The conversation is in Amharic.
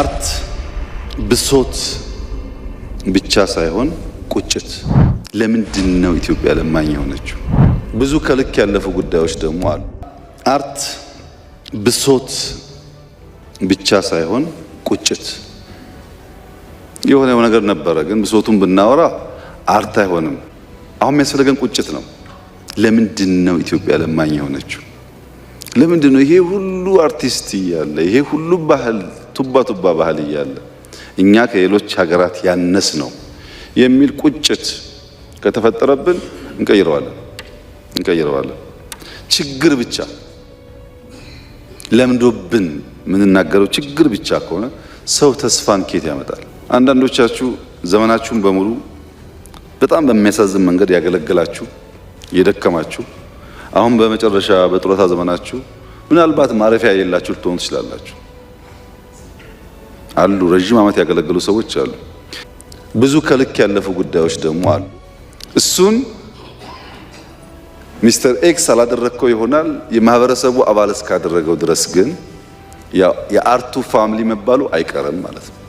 አርት ብሶት ብቻ ሳይሆን ቁጭት። ለምንድን ነው ኢትዮጵያ ለማኝ የሆነችው? ብዙ ከልክ ያለፉ ጉዳዮች ደግሞ አሉ። አርት ብሶት ብቻ ሳይሆን ቁጭት የሆነው ነገር ነበረ። ግን ብሶቱን ብናወራ አርት አይሆንም። አሁን የሚያስፈልገን ቁጭት ነው። ለምንድን ነው ኢትዮጵያ ለማኝ የሆነችው? ለምንድን ነው ይሄ ሁሉ አርቲስት እያለ ይሄ ሁሉ ባህል ቱባ ቱባ ባህል እያለ እኛ ከሌሎች ሀገራት ያነስ ነው የሚል ቁጭት ከተፈጠረብን እንቀይረዋለን እንቀይረዋለን። ችግር ብቻ ለምዶብን የምንናገረው ችግር ብቻ ከሆነ ሰው ተስፋን ኬት ያመጣል? አንዳንዶቻችሁ ዘመናችሁን በሙሉ በጣም በሚያሳዝን መንገድ ያገለገላችሁ የደከማችሁ፣ አሁን በመጨረሻ በጡረታ ዘመናችሁ ምናልባት ማረፊያ የሌላችሁ ልትሆኑ ትችላላችሁ። አሉ። ረዥም ዓመት ያገለገሉ ሰዎች አሉ። ብዙ ከልክ ያለፉ ጉዳዮች ደግሞ አሉ። እሱን ሚስተር ኤክስ አላደረግከው ይሆናል የማህበረሰቡ አባል እስካደረገው ድረስ ግን የአርቱ ፋሚሊ መባሉ አይቀርም ማለት ነው።